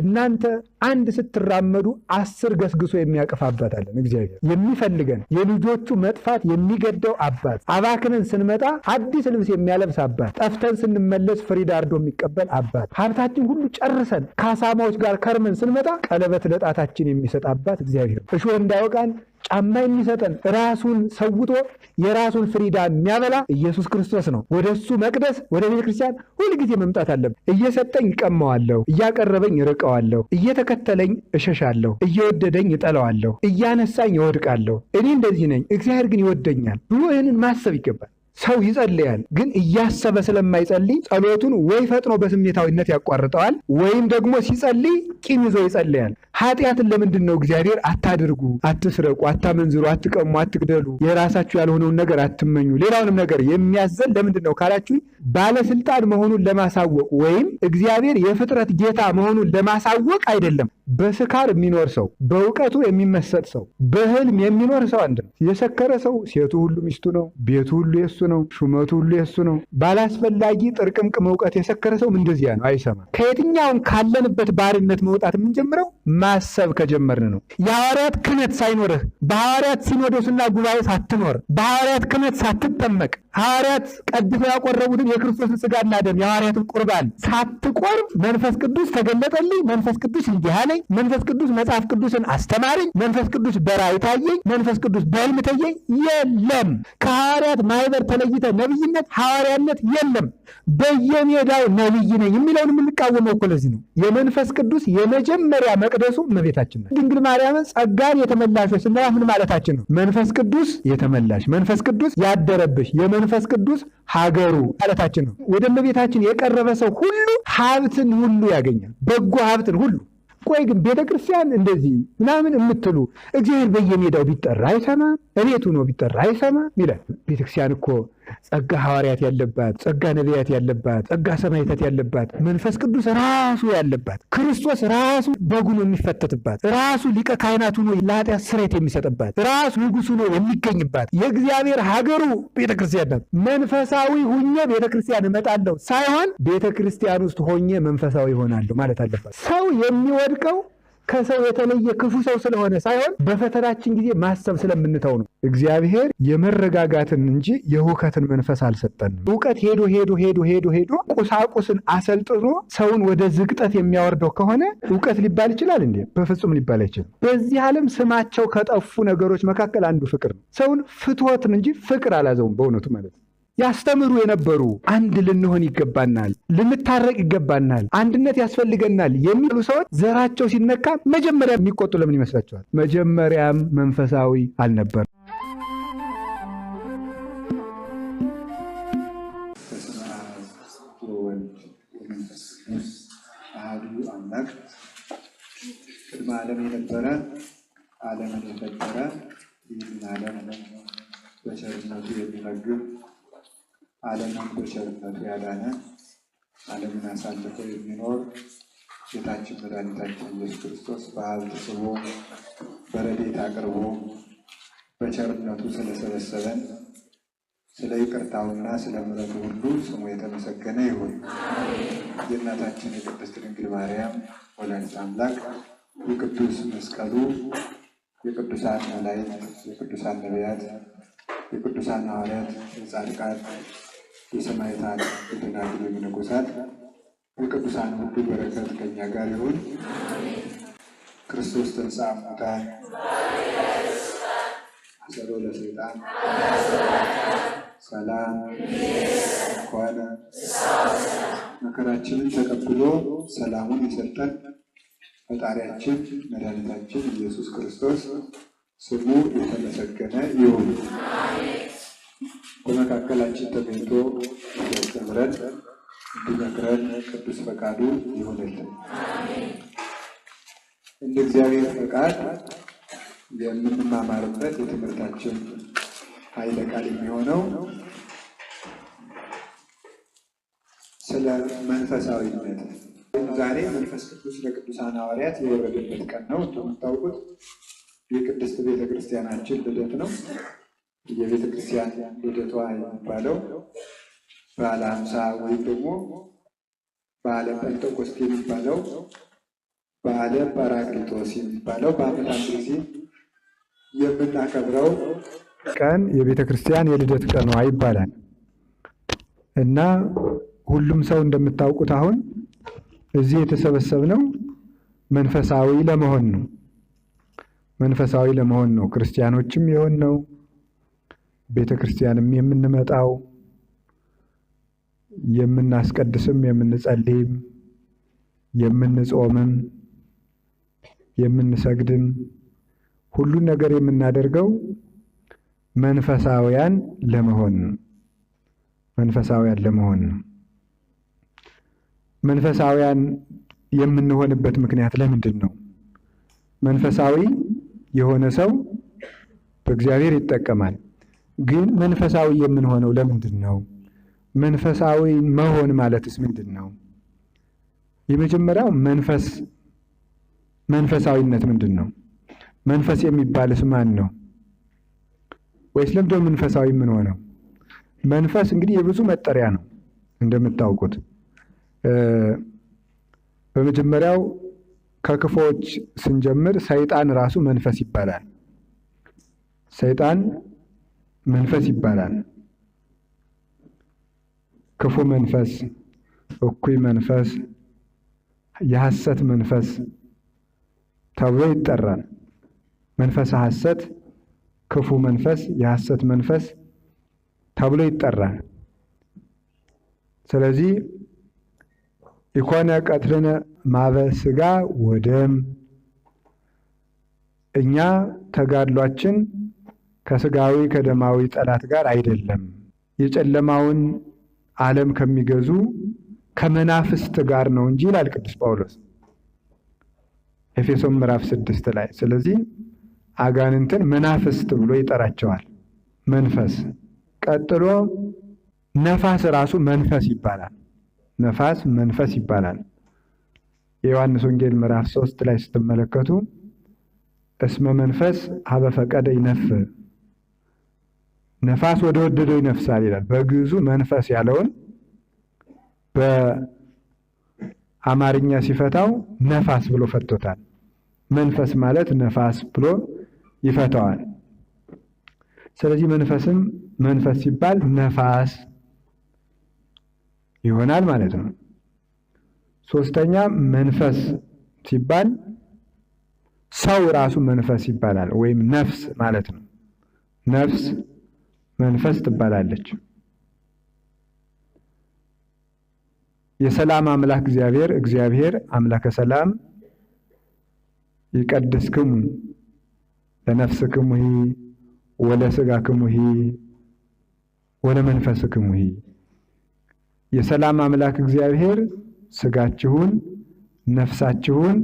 እናንተ አንድ ስትራመዱ አስር ገስግሶ አለን። እግዚአብሔር የሚፈልገን የልጆቹ መጥፋት የሚገደው አባት አባክነን ስንመጣ አዲስ ልብስ የሚያለብስ አባት ጠፍተን ስንመለስ ፍሪዳ አርዶ የሚቀበል አባት ሀብታችን ሁሉ ጨርሰን ከአሳማዎች ጋር ከርመን ስንመጣ ቀለበት ለጣታችን የሚሰጥ አባት እግዚአብሔር እሾ እንዳወቃን ጫማ የሚሰጠን ራሱን ሰውጦ የራሱን ፍሪዳ የሚያበላ ኢየሱስ ክርስቶስ ነው። ወደ እሱ መቅደስ ወደ ቤተ ክርስቲያን ሁልጊዜ መምጣት አለብን። እየሰጠኝ እቀማዋለሁ፣ እያቀረበኝ እርቀዋለሁ፣ እየተከተለኝ እሸሻለሁ፣ እየወደደኝ እጠለዋለሁ፣ እያነሳኝ እወድቃለሁ። እኔ እንደዚህ ነኝ፣ እግዚአብሔር ግን ይወደኛል ብሎ ይህንን ማሰብ ይገባል። ሰው ይጸልያል፣ ግን እያሰበ ስለማይጸልይ ጸሎቱን ወይ ፈጥኖ በስሜታዊነት ያቋርጠዋል፣ ወይም ደግሞ ሲጸልይ ቂም ይዞ ይጸልያል። ኃጢአትን ለምንድን ነው እግዚአብሔር አታድርጉ፣ አትስረቁ፣ አታመንዝሩ፣ አትቀሙ፣ አትግደሉ፣ የራሳችሁ ያልሆነውን ነገር አትመኙ፣ ሌላውንም ነገር የሚያዘን ለምንድን ነው ካላችሁኝ ባለስልጣን መሆኑን ለማሳወቅ ወይም እግዚአብሔር የፍጥረት ጌታ መሆኑን ለማሳወቅ አይደለም። በስካር የሚኖር ሰው፣ በእውቀቱ የሚመሰጥ ሰው፣ በህልም የሚኖር ሰው አንድ ነው። የሰከረ ሰው ሴቱ ሁሉ ሚስቱ ነው፣ ቤቱ ሁሉ የሱ ነው፣ ሹመቱ ሁሉ የሱ ነው። ባላስፈላጊ ጥርቅምቅም እውቀት የሰከረ ሰው እንደዚያ ነው፣ አይሰማም። ከየትኛውም ካለንበት ባርነት መውጣት የምንጀምረው ማሰብ ከጀመርን ነው። የሐዋርያት ክህነት ሳይኖርህ በሐዋርያት ሲኖዶስና ጉባኤ ሳትኖር በሐዋርያት ክህነት ሳትጠመቅ ሐዋርያት ቀድፈው ያቆረቡትን የክርስቶስን ስጋና ደም የሐዋርያትን ቁርባን ሳትቆርብ መንፈስ ቅዱስ ተገለጠልኝ፣ መንፈስ ቅዱስ እንዲህ አለኝ፣ መንፈስ ቅዱስ መጽሐፍ ቅዱስን አስተማረኝ፣ መንፈስ ቅዱስ በራእይ ታየኝ፣ መንፈስ ቅዱስ በሕልም ታየኝ፣ የለም። ከሐዋርያት ማህበር ተለይተ ነቢይነት፣ ሐዋርያነት የለም። በየሜዳው ነቢይ ነኝ የሚለውን የምንቃወመው እኮ ለዚህ ነው። የመንፈስ ቅዱስ የመጀመሪያ መቅደሱ እመቤታችን ናት። ድንግል ማርያምን ጸጋን የተመላሽ ስናያ ምን ማለታችን ነው? መንፈስ ቅዱስ የተመላሽ መንፈስ ቅዱስ ያደረብሽ የመንፈስ ቅዱስ ሀገሩ ማለታችን ነው። ወደ እመቤታችን የቀረበ ሰው ሁሉ ሀብትን ሁሉ ያገኛል፣ በጎ ሀብትን ሁሉ። ቆይ ግን ቤተ ክርስቲያን እንደዚህ ምናምን የምትሉ እግዚአብሔር በየሜዳው ቢጠራ አይሰማም፣ እቤቱ ነው ቢጠራ አይሰማም ይላል። ቤተክርስቲያን እኮ ጸጋ ሐዋርያት ያለባት፣ ጸጋ ነቢያት ያለባት፣ ጸጋ ሰማዕታት ያለባት፣ መንፈስ ቅዱስ ራሱ ያለባት፣ ክርስቶስ ራሱ በጉ ነው የሚፈተትባት፣ ራሱ ሊቀ ካህናቱ ሆኖ ለኃጢአት ስርየት የሚሰጥባት፣ ራሱ ንጉሱ ነው የሚገኝባት፣ የእግዚአብሔር ሀገሩ ቤተ ክርስቲያን ናት። መንፈሳዊ ሁኜ ቤተ ክርስቲያን እመጣለሁ ሳይሆን ቤተ ክርስቲያን ውስጥ ሆኜ መንፈሳዊ ይሆናለሁ ማለት አለባት። ሰው የሚወድቀው ከሰው የተለየ ክፉ ሰው ስለሆነ ሳይሆን በፈተናችን ጊዜ ማሰብ ስለምንተው ነው። እግዚአብሔር የመረጋጋትን እንጂ የሁከትን መንፈስ አልሰጠንም። እውቀት ሄዶ ሄዶ ሄዶ ሄዶ ሄዶ ቁሳቁስን አሰልጥኖ ሰውን ወደ ዝግጠት የሚያወርደው ከሆነ እውቀት ሊባል ይችላል እንዴ? በፍጹም ሊባል አይችልም። በዚህ ዓለም ስማቸው ከጠፉ ነገሮች መካከል አንዱ ፍቅር ነው። ሰውን ፍትወትን እንጂ ፍቅር አላዘውም በእውነቱ ማለት ነው። ያስተምሩ የነበሩ አንድ ልንሆን ይገባናል፣ ልንታረቅ ይገባናል፣ አንድነት ያስፈልገናል የሚሉ ሰዎች ዘራቸው ሲነካ መጀመሪያ የሚቆጡ ለምን ይመስላቸዋል? መጀመሪያም መንፈሳዊ አልነበርም። ቅድመ ዓለም የነበረ ዓለምን የፈጠረ ይህን ዓለም በቸርነቱ የሚመግብ ዓለምን በቸርነቱ ያዳነ ዓለምን አሳልፎ የሚኖር ጌታችን መድኃኒታችን ኢየሱስ ክርስቶስ በአብ ስቦ በረዴት አቅርቦ በቸርነቱ ስለሰበሰበን ስለ ይቅርታውና ስለ ምሕረቱ ሁሉ ስሙ የተመሰገነ ይሁን። የእናታችን የቅድስት ድንግል ማርያም ወላዲተ አምላክ የቅዱስ መስቀሉ የቅዱሳን መላእክት፣ የቅዱሳን ነቢያት፣ የቅዱሳን ሐዋርያት፣ የጻድቃን የሰማዕታት የደናግል፣ የመነኮሳት የቅዱሳን ሁሉ በረከት ከኛ ጋር ይሁን። ክርስቶስ ተንሥአ እሙታን አሰሮ ለሰይጣን ሰላም ኳለ። መከራችንን ተቀብሎ ሰላሙን የሰጠን ፈጣሪያችን መድኃኒታችን ኢየሱስ ክርስቶስ ስሙ የተመሰገነ ይሁን። በመካከላችን ተገኝቶ ተምረን እንዲመክረን ቅዱስ ፈቃዱ ይሆንልን። እንደ እግዚአብሔር ፈቃድ የምንማማርበት የትምህርታችን ኃይለ ቃል የሚሆነው ስለ መንፈሳዊነት ዛሬ መንፈስ ቅዱስ ለቅዱሳን ሐዋርያት የወረደበት ቀን ነው። እንደምታውቁት የቅድስት ቤተክርስቲያናችን ልደት ነው። የቤተ ክርስቲያን ልደቷ የሚባለው በዓለ ሃምሳ ወይም ደግሞ በዓለ ጴንጠቆስት የሚባለው በዓለ ጰራቅሊጦስ የሚባለው በዓመት አንድ ጊዜ የምናከብረው ቀን የቤተ ክርስቲያን የልደት ቀኗ ይባላል እና ሁሉም ሰው እንደምታውቁት አሁን እዚህ የተሰበሰብነው መንፈሳዊ ለመሆን ነው። መንፈሳዊ ለመሆን ነው። ክርስቲያኖችም የሆን ነው ቤተ ክርስቲያንም የምንመጣው የምናስቀድስም የምንጸልይም የምንጾምም የምንሰግድም ሁሉን ነገር የምናደርገው መንፈሳውያን ለመሆን መንፈሳውያን ለመሆን መንፈሳውያን የምንሆንበት ምክንያት ለምንድን ነው? መንፈሳዊ የሆነ ሰው በእግዚአብሔር ይጠቀማል። ግን መንፈሳዊ የምንሆነው ለምንድን ነው? መንፈሳዊ መሆን ማለትስ ምንድን ነው? የመጀመሪያው መንፈስ መንፈሳዊነት ምንድን ነው? መንፈስ የሚባልስ ማን ነው? ወይስ ለምዶ መንፈሳዊ የምንሆነው? መንፈስ እንግዲህ የብዙ መጠሪያ ነው እንደምታውቁት። በመጀመሪያው ከክፎች ስንጀምር ሰይጣን ራሱ መንፈስ ይባላል። ሰይጣን መንፈስ ይባላል። ክፉ መንፈስ፣ እኩይ መንፈስ፣ የሐሰት መንፈስ ተብሎ ይጠራል። መንፈስ ሐሰት፣ ክፉ መንፈስ፣ የሐሰት መንፈስ ተብሎ ይጠራል። ስለዚህ ኢኮነ ቀትርነ ማበ ስጋ ወደም እኛ ተጋድሏችን ከስጋዊ ከደማዊ ጠላት ጋር አይደለም። የጨለማውን ዓለም ከሚገዙ ከመናፍስት ጋር ነው እንጂ ይላል ቅዱስ ጳውሎስ ኤፌሶን ምዕራፍ ስድስት ላይ። ስለዚህ አጋንንትን መናፍስት ብሎ ይጠራቸዋል። መንፈስ ቀጥሎ ነፋስ ራሱ መንፈስ ይባላል። ነፋስ መንፈስ ይባላል። የዮሐንስ ወንጌል ምዕራፍ ሶስት ላይ ስትመለከቱ እስመ መንፈስ ሀበ ፈቀደ ይነፍዕ ነፋስ ወደ ወደደው ይነፍሳል ይላል። በግዕዙ መንፈስ ያለውን በአማርኛ ሲፈታው ነፋስ ብሎ ፈቶታል። መንፈስ ማለት ነፋስ ብሎ ይፈታዋል። ስለዚህ መንፈስም መንፈስ ሲባል ነፋስ ይሆናል ማለት ነው። ሶስተኛ መንፈስ ሲባል ሰው ራሱ መንፈስ ይባላል፣ ወይም ነፍስ ማለት ነው። ነፍስ መንፈስ ትባላለች። የሰላም አምላክ እግዚአብሔር እግዚአብሔር አምላከ ሰላም ይቀድስክሙ ለነፍስክሙሂ ወለስጋክሙሂ ወለመንፈስክሙሂ የሰላም አምላክ እግዚአብሔር ስጋችሁን፣ ነፍሳችሁን፣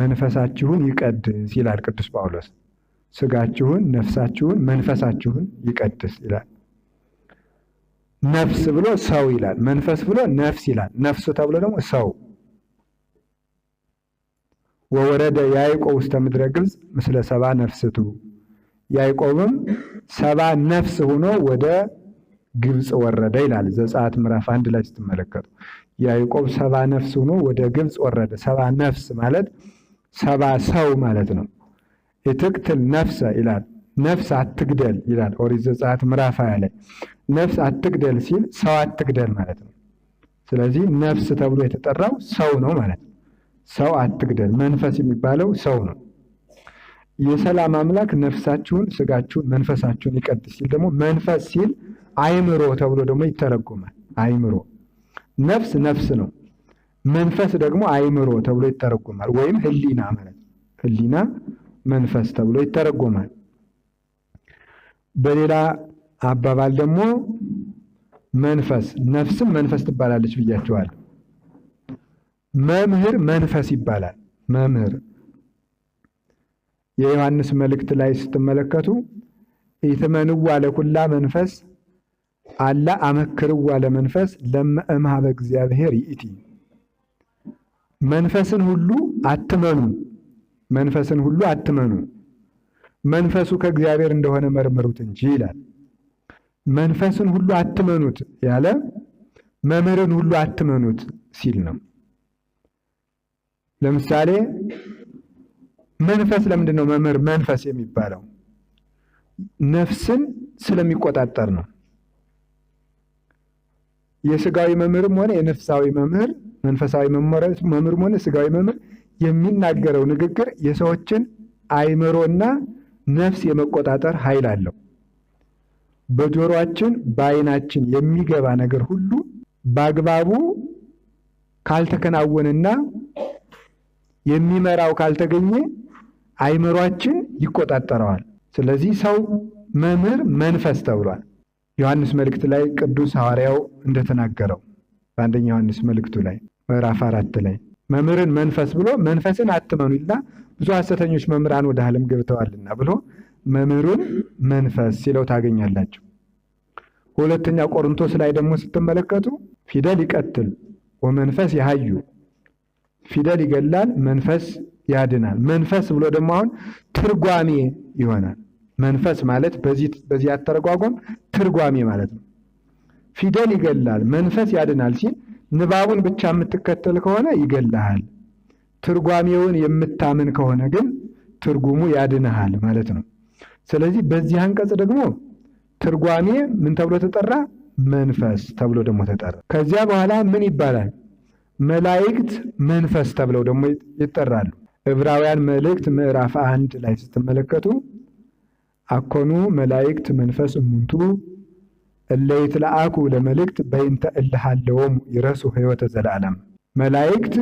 መንፈሳችሁን ይቀድስ ይላል ቅዱስ ጳውሎስ። ስጋችሁን፣ ነፍሳችሁን፣ መንፈሳችሁን ይቀድስ ይላል። ነፍስ ብሎ ሰው ይላል። መንፈስ ብሎ ነፍስ ይላል። ነፍስ ተብሎ ደግሞ ሰው ወወረደ ያዕቆብ ውስተ ምድረ ግብፅ ምስለ ሰባ ነፍስቱ ያዕቆብም ሰባ ነፍስ ሆኖ ወደ ግብፅ ወረደ ይላል። ዘጸአት ምዕራፍ አንድ ላይ ስትመለከቱ ያዕቆብ ሰባ ነፍስ ሆኖ ወደ ግብፅ ወረደ። ሰባ ነፍስ ማለት ሰባ ሰው ማለት ነው። ኢትቅትል ነፍሰ ይላል። ነፍስ አትግደል ይላል ኦሪት ዘጸአት ምዕራፍ ሃያ ላይ ነፍስ አትግደል ሲል ሰው አትግደል ማለት ነው። ስለዚህ ነፍስ ተብሎ የተጠራው ሰው ነው ማለት ነው። ሰው አትግደል፣ መንፈስ የሚባለው ሰው ነው። የሰላም አምላክ ነፍሳችሁን፣ ስጋችሁን፣ መንፈሳችሁን ይቀድስ ሲል ደግሞ መንፈስ ሲል አይምሮ ተብሎ ደግሞ ይተረጎማል። አይምሮ ነፍስ ነፍስ ነው። መንፈስ ደግሞ አይምሮ ተብሎ ይተረጎማል፣ ወይም ህሊና ማለት ነው። ህሊና መንፈስ ተብሎ ይተረጎማል። በሌላ አባባል ደግሞ መንፈስ ነፍስም መንፈስ ትባላለች ብያቸዋል። መምህር መንፈስ ይባላል። መምህር የዮሐንስ መልእክት ላይ ስትመለከቱ ኢትመንዋ ለኩላ መንፈስ አላ አመክርዋ ለመንፈስ ለመእምሃበ እግዚአብሔር ይእቲ መንፈስን ሁሉ አትመኑ መንፈስን ሁሉ አትመኑ፣ መንፈሱ ከእግዚአብሔር እንደሆነ መርምሩት እንጂ ይላል። መንፈስን ሁሉ አትመኑት ያለ መምህርን ሁሉ አትመኑት ሲል ነው። ለምሳሌ መንፈስ ለምንድን ነው መምህር መንፈስ የሚባለው? ነፍስን ስለሚቆጣጠር ነው። የስጋዊ መምህርም ሆነ የነፍሳዊ መምህር መንፈሳዊ መምህርም ሆነ ስጋዊ መምህር የሚናገረው ንግግር የሰዎችን አይምሮና ነፍስ የመቆጣጠር ኃይል አለው። በጆሮአችን በአይናችን የሚገባ ነገር ሁሉ በአግባቡ ካልተከናወነና የሚመራው ካልተገኘ አይምሯችን ይቆጣጠረዋል። ስለዚህ ሰው መምህር መንፈስ ተብሏል። ዮሐንስ መልእክት ላይ ቅዱስ ሐዋርያው እንደተናገረው በአንደኛ ዮሐንስ መልእክቱ ላይ ምዕራፍ አራት ላይ መምህርን መንፈስ ብሎ መንፈስን አትመኑ ይልና ብዙ ሐሰተኞች መምህራን ወደ ዓለም ገብተዋልና ብሎ መምህሩን መንፈስ ሲለው ታገኛላችሁ። ሁለተኛ ቆርንቶስ ላይ ደግሞ ስትመለከቱ ፊደል ይቀትል ወመንፈስ ያሃዩ ፊደል ይገላል፣ መንፈስ ያድናል። መንፈስ ብሎ ደግሞ አሁን ትርጓሜ ይሆናል። መንፈስ ማለት በዚህ አተረጓጓም ትርጓሜ ማለት ነው። ፊደል ይገላል፣ መንፈስ ያድናል ሲል ንባቡን ብቻ የምትከተል ከሆነ ይገልሃል። ትርጓሜውን የምታምን ከሆነ ግን ትርጉሙ ያድንሃል ማለት ነው። ስለዚህ በዚህ አንቀጽ ደግሞ ትርጓሜ ምን ተብሎ ተጠራ? መንፈስ ተብሎ ደግሞ ተጠራ። ከዚያ በኋላ ምን ይባላል? መላእክት መንፈስ ተብለው ደግሞ ይጠራሉ። ዕብራውያን መልእክት ምዕራፍ አንድ ላይ ስትመለከቱ አኮኑ መላእክት መንፈስ እሙንቱ እለ ይትለአኩ ለመልእክት በይንተ እልሃለወሙ ይረሱ ህይወተ ዘላለም መላእክት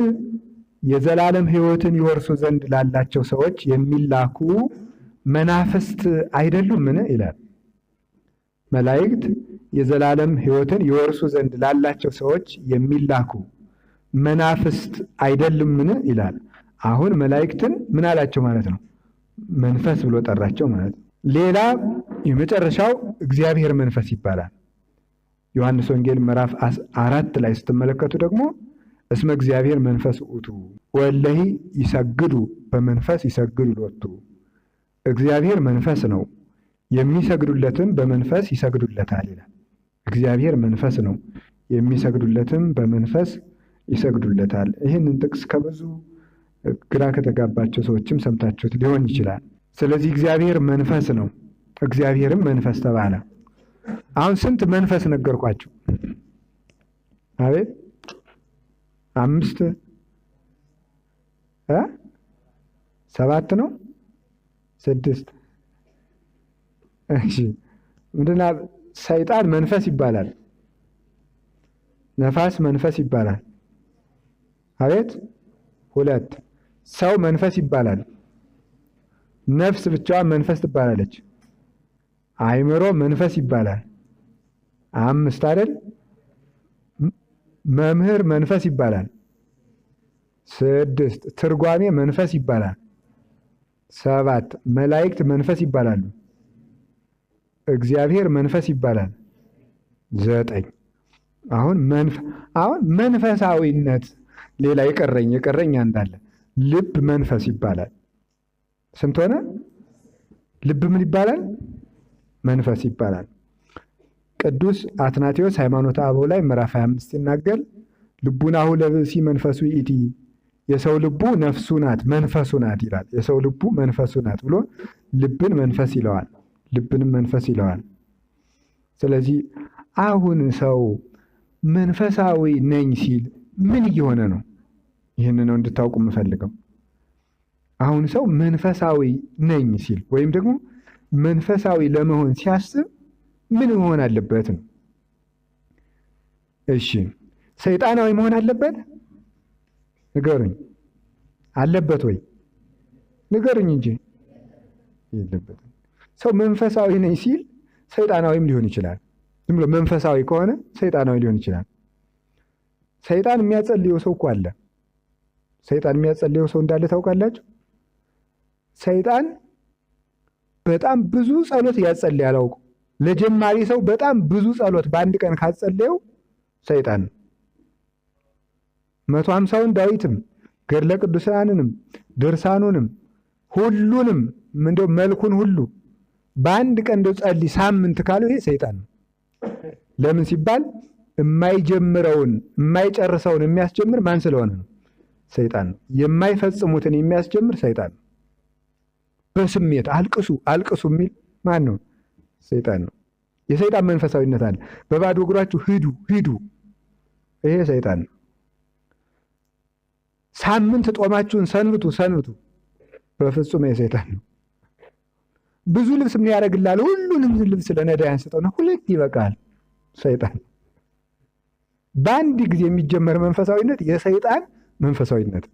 የዘላለም ህይወትን ይወርሱ ዘንድ ላላቸው ሰዎች የሚላኩ መናፍስት አይደሉምን ይላል። መላእክት የዘላለም ህይወትን ይወርሱ ዘንድ ላላቸው ሰዎች የሚላኩ መናፍስት አይደሉምን ይላል። አሁን መላእክትን ምን አላቸው ማለት ነው? መንፈስ ብሎ ጠራቸው ማለት ነው። ሌላ የመጨረሻው እግዚአብሔር መንፈስ ይባላል። ዮሐንስ ወንጌል ምዕራፍ አራት ላይ ስትመለከቱ ደግሞ እስመ እግዚአብሔር መንፈስ ውእቱ ወለሂ ይሰግዱ በመንፈስ ይሰግዱ ሎቱ እግዚአብሔር መንፈስ ነው፣ የሚሰግዱለትም በመንፈስ ይሰግዱለታል ይላል። እግዚአብሔር መንፈስ ነው፣ የሚሰግዱለትም በመንፈስ ይሰግዱለታል። ይህንን ጥቅስ ከብዙ ግራ ከተጋባቸው ሰዎችም ሰምታችሁት ሊሆን ይችላል። ስለዚህ እግዚአብሔር መንፈስ ነው፣ እግዚአብሔርም መንፈስ ተባለ። አሁን ስንት መንፈስ ነገርኳቸው? አቤት አምስት እ ሰባት ነው ስድስት እሺ ምንድና ሰይጣን መንፈስ ይባላል። ነፋስ መንፈስ ይባላል። አቤት ሁለት ሰው መንፈስ ይባላል። ነፍስ ብቻዋን መንፈስ ትባላለች። አይምሮ መንፈስ ይባላል። አምስት አይደል? መምህር መንፈስ ይባላል። ስድስት ትርጓሜ መንፈስ ይባላል። ሰባት መላእክት መንፈስ ይባላሉ። እግዚአብሔር መንፈስ ይባላል። ዘጠኝ አሁን አሁን መንፈሳዊነት ሌላ የቀረኝ የቀረኝ አንዳለ ልብ መንፈስ ይባላል። ስንት ሆነ? ልብ ምን ይባላል? መንፈስ ይባላል። ቅዱስ አትናቴዎስ ሃይማኖተ አበው ላይ ምዕራፍ 25 ሲናገር ልቡናሁ ለብእሲ መንፈሱ ኢቲ የሰው ልቡ ነፍሱ ናት መንፈሱ ናት ይላል። የሰው ልቡ መንፈሱ ናት ብሎ ልብን መንፈስ ይለዋል፣ ልብንም መንፈስ ይለዋል። ስለዚህ አሁን ሰው መንፈሳዊ ነኝ ሲል ምን እየሆነ ነው? ይህን ነው እንድታውቁ የምፈልገው። አሁን ሰው መንፈሳዊ ነኝ ሲል ወይም ደግሞ መንፈሳዊ ለመሆን ሲያስብ ምን መሆን አለበት ነው? እሺ ሰይጣናዊ መሆን አለበት? ንገሩኝ። አለበት ወይ? ንገሩኝ እንጂ የለበት። ሰው መንፈሳዊ ነኝ ሲል ሰይጣናዊም ሊሆን ይችላል። ዝም ብሎ መንፈሳዊ ከሆነ ሰይጣናዊ ሊሆን ይችላል። ሰይጣን የሚያጸልየው ሰው እኮ አለ። ሰይጣን የሚያጸልየው ሰው እንዳለ ታውቃላችሁ። ሰይጣን በጣም ብዙ ጸሎት እያጸለየ አላውቅም። ለጀማሪ ሰው በጣም ብዙ ጸሎት በአንድ ቀን ካጸለየው ሰይጣን መቶ ሀምሳውን ዳዊትም ገድለ ቅዱሳንንም ድርሳኑንም ሁሉንም እንደው መልኩን ሁሉ በአንድ ቀን እንደው ጸሊ ሳምንት ካለው ይሄ ሰይጣን ነው። ለምን ሲባል የማይጀምረውን የማይጨርሰውን የሚያስጀምር ማን ስለሆነ ነው? ሰይጣን ነው። የማይፈጽሙትን የሚያስጀምር ሰይጣን ነው። በስሜት አልቅሱ አልቅሱ የሚል ማን ነው? ሰይጣን ነው። የሰይጣን መንፈሳዊነት አለ። በባዶ እግራችሁ ሂዱ ሂዱ፣ ይሄ ሰይጣን ነው። ሳምንት ጦማችሁን ሰንብቱ ሰንብቱ፣ በፍጹም የሰይጣን ነው። ብዙ ልብስ ምን ያደርግላል ሁሉንም ልብስ ለነዳያን ነው። ሁለት ይበቃል። ሰይጣን በአንድ ጊዜ የሚጀመር መንፈሳዊነት የሰይጣን መንፈሳዊነት